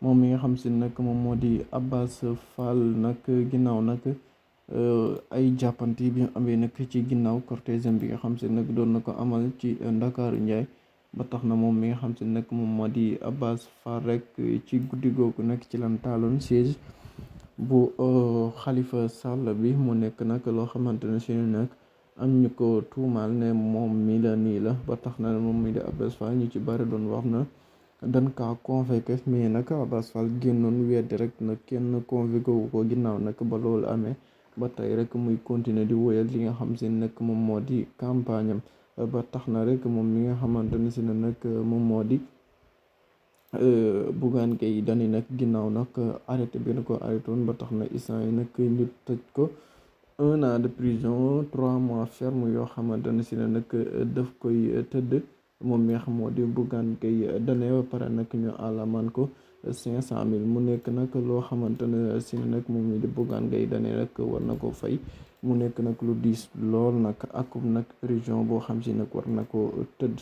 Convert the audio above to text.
moom mi nga xam si nag moom moo di Abbas Fall nag ginnaaw nag euh, ay jàppante bi ñu amee nag ci ginnaaw cortège bi nga xam si nag doon na ko amal ci euh, Ndakaaru Njaay ba tax na moom mi nga xam si nag moom moo di Abbas Fall rek ci guddi googu nag ci lan taaloon siège bu xalifa euh, Sall bi mu nekk nag loo xamante ne si nak am ñu ko tuumaal ne moom mi la nii la ba tax na moom mi di Abbas Fall ñu ci bari doon wax na. dañ kaa convoqué mais nag Abass Fall génnoon weddi rek na kenn convoqué wu ko ginnaaw nag ba loolu amee ba tey rek muy continuer di woyal li nga xam seen nag moom moo di campagne ba tax na rek moom mi nga xamante ne si ne nag moom moo di euh, Bougane Gueye Dany nag ginnaaw nag arrêté bi na ko arrêté ba tax na issant yi nag ñu tëj ko un an de prison trois mois ferme yoo xamante ne si ne nag daf koy tëdd. moom mi nga moo di Bougane Gueye Dany ba pare nag ñu àlamaan ko cinq cent mille mu nekk nag loo xamante ne si nag moom mi di Bougane Gueye Dany rek war na ko fay mu nekk nag lu diis lool nag akum nag région boo xam si nag war na ko tëdd